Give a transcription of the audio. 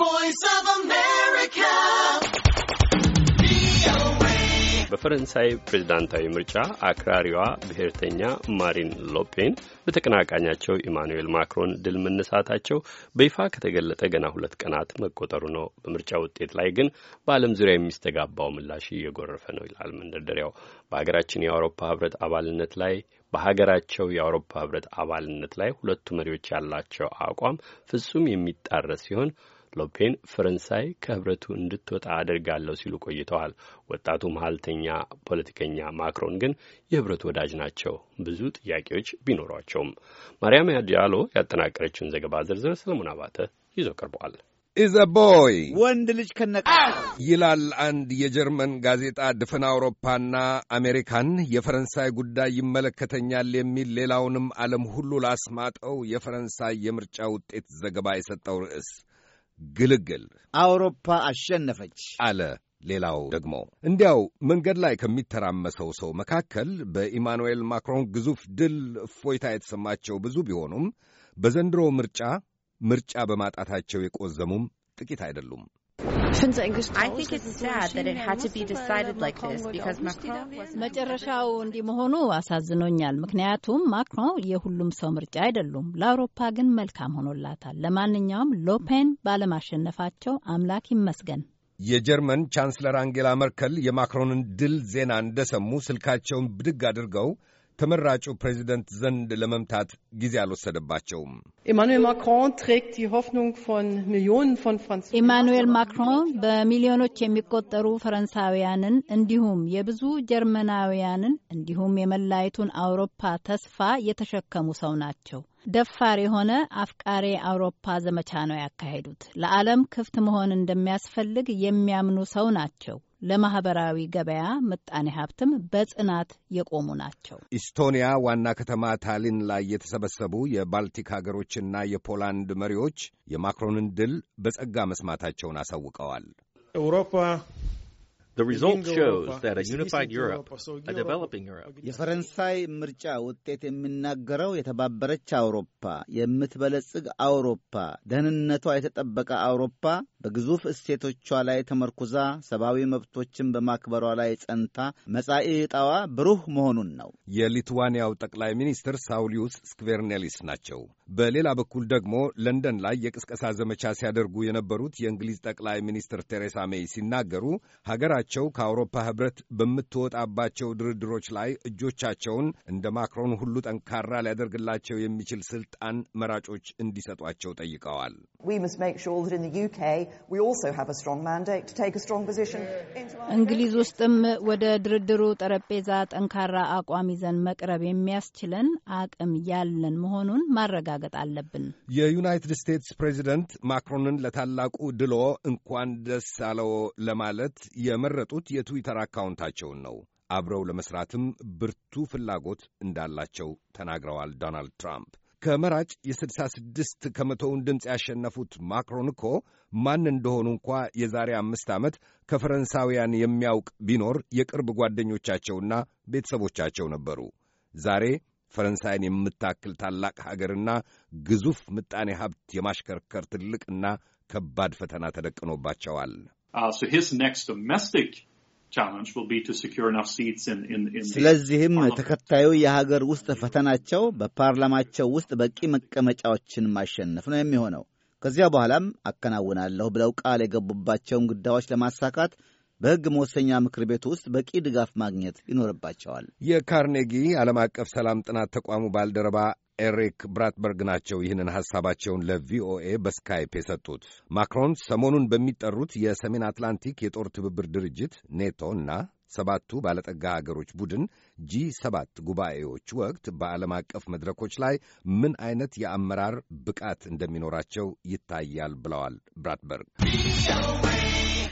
voice በፈረንሳይ ፕሬዝዳንታዊ ምርጫ አክራሪዋ ብሔርተኛ ማሪን ሎፔን በተቀናቃኛቸው ኢማኑኤል ማክሮን ድል መነሳታቸው በይፋ ከተገለጠ ገና ሁለት ቀናት መቆጠሩ ነው። በምርጫ ውጤት ላይ ግን በዓለም ዙሪያ የሚስተጋባው ምላሽ እየጎረፈ ነው ይላል መንደርደሪያው። በሀገራችን የአውሮፓ ህብረት አባልነት ላይ በሀገራቸው የአውሮፓ ህብረት አባልነት ላይ ሁለቱ መሪዎች ያላቸው አቋም ፍጹም የሚጣረስ ሲሆን ሎፔን ፈረንሳይ ከህብረቱ እንድትወጣ አደርጋለሁ ሲሉ ቆይተዋል። ወጣቱ መሀልተኛ ፖለቲከኛ ማክሮን ግን የህብረቱ ወዳጅ ናቸው ብዙ ጥያቄዎች ቢኖሯቸውም። ማርያም ዲያሎ ያጠናቀረችውን ዘገባ ዝርዝር ሰለሞን አባተ ይዞ ቀርበዋል። ኢዘ ቦይ ወንድ ልጅ ከነቀ ይላል አንድ የጀርመን ጋዜጣ ድፍን አውሮፓና አሜሪካን የፈረንሳይ ጉዳይ ይመለከተኛል የሚል ሌላውንም ዓለም ሁሉ ላስማጠው የፈረንሳይ የምርጫ ውጤት ዘገባ የሰጠው ርዕስ ግልግል አውሮፓ አሸነፈች አለ። ሌላው ደግሞ እንዲያው መንገድ ላይ ከሚተራመሰው ሰው መካከል በኢማኑኤል ማክሮን ግዙፍ ድል እፎይታ የተሰማቸው ብዙ ቢሆኑም በዘንድሮ ምርጫ ምርጫ በማጣታቸው የቆዘሙም ጥቂት አይደሉም። መጨረሻው እንዲህ መሆኑ አሳዝኖኛል። ምክንያቱም ማክሮን የሁሉም ሰው ምርጫ አይደሉም። ለአውሮፓ ግን መልካም ሆኖላታል። ለማንኛውም ሎፔን ባለማሸነፋቸው አምላክ ይመስገን። የጀርመን ቻንስለር አንጌላ መርከል የማክሮንን ድል ዜና እንደሰሙ ስልካቸውን ብድግ አድርገው ተመራጩ ፕሬዚደንት ዘንድ ለመምታት ጊዜ አልወሰደባቸውም። ኢማኑኤል ማክሮን በሚሊዮኖች የሚቆጠሩ ፈረንሳውያንን እንዲሁም የብዙ ጀርመናውያንን እንዲሁም የመላይቱን አውሮፓ ተስፋ የተሸከሙ ሰው ናቸው። ደፋር የሆነ አፍቃሪ አውሮፓ ዘመቻ ነው ያካሄዱት። ለዓለም ክፍት መሆን እንደሚያስፈልግ የሚያምኑ ሰው ናቸው። ለማህበራዊ ገበያ ምጣኔ ሀብትም በጽናት የቆሙ ናቸው። ኢስቶኒያ ዋና ከተማ ታሊን ላይ የተሰበሰቡ የባልቲክ ሀገሮችና የፖላንድ መሪዎች የማክሮንን ድል በጸጋ መስማታቸውን አሳውቀዋል። የፈረንሳይ ምርጫ ውጤት የሚናገረው የተባበረች አውሮፓ፣ የምትበለጽግ አውሮፓ፣ ደህንነቷ የተጠበቀ አውሮፓ በግዙፍ እሴቶቿ ላይ ተመርኩዛ ሰብአዊ መብቶችን በማክበሯ ላይ ጸንታ መጻኢ ዕጣዋ ብሩህ መሆኑን ነው። የሊትዋንያው ጠቅላይ ሚኒስትር ሳውሊዩስ ስክቬርኔሊስ ናቸው። በሌላ በኩል ደግሞ ለንደን ላይ የቅስቀሳ ዘመቻ ሲያደርጉ የነበሩት የእንግሊዝ ጠቅላይ ሚኒስትር ቴሬሳ ሜይ ሲናገሩ ሀገራቸው ከአውሮፓ ህብረት በምትወጣባቸው ድርድሮች ላይ እጆቻቸውን እንደ ማክሮን ሁሉ ጠንካራ ሊያደርግላቸው የሚችል ስልጣን መራጮች እንዲሰጧቸው ጠይቀዋል። እንግሊዝ ውስጥም ወደ ድርድሩ ጠረጴዛ ጠንካራ አቋም ይዘን መቅረብ የሚያስችለን አቅም ያለን መሆኑን ማረጋገጥ አለብን። የዩናይትድ ስቴትስ ፕሬዚደንት ማክሮንን ለታላቁ ድሎ እንኳን ደስ አለው ለማለት የመረጡት የትዊተር አካውንታቸውን ነው። አብረው ለመስራትም ብርቱ ፍላጎት እንዳላቸው ተናግረዋል ዶናልድ ትራምፕ ከመራጭ የ66 ከመቶውን ድምፅ ያሸነፉት ማክሮን እኮ ማን እንደሆኑ እንኳ የዛሬ አምስት ዓመት ከፈረንሳውያን የሚያውቅ ቢኖር የቅርብ ጓደኞቻቸውና ቤተሰቦቻቸው ነበሩ። ዛሬ ፈረንሳይን የምታክል ታላቅ ሀገርና ግዙፍ ምጣኔ ሀብት የማሽከርከር ትልቅና ከባድ ፈተና ተደቅኖባቸዋል። uh, ስለዚህም ተከታዩ የሀገር ውስጥ ፈተናቸው በፓርላማቸው ውስጥ በቂ መቀመጫዎችን ማሸነፍ ነው የሚሆነው። ከዚያ በኋላም አከናውናለሁ ብለው ቃል የገቡባቸውን ጉዳዮች ለማሳካት በሕግ መወሰኛ ምክር ቤት ውስጥ በቂ ድጋፍ ማግኘት ይኖርባቸዋል። የካርኔጊ ዓለም አቀፍ ሰላም ጥናት ተቋሙ ባልደረባ ኤሪክ ብራትበርግ ናቸው ይህንን ሐሳባቸውን ለቪኦኤ በስካይፕ የሰጡት። ማክሮን ሰሞኑን በሚጠሩት የሰሜን አትላንቲክ የጦር ትብብር ድርጅት ኔቶ እና ሰባቱ ባለጠጋ ሀገሮች ቡድን ጂ ሰባት ጉባኤዎች ወቅት በዓለም አቀፍ መድረኮች ላይ ምን አይነት የአመራር ብቃት እንደሚኖራቸው ይታያል ብለዋል ብራትበርግ።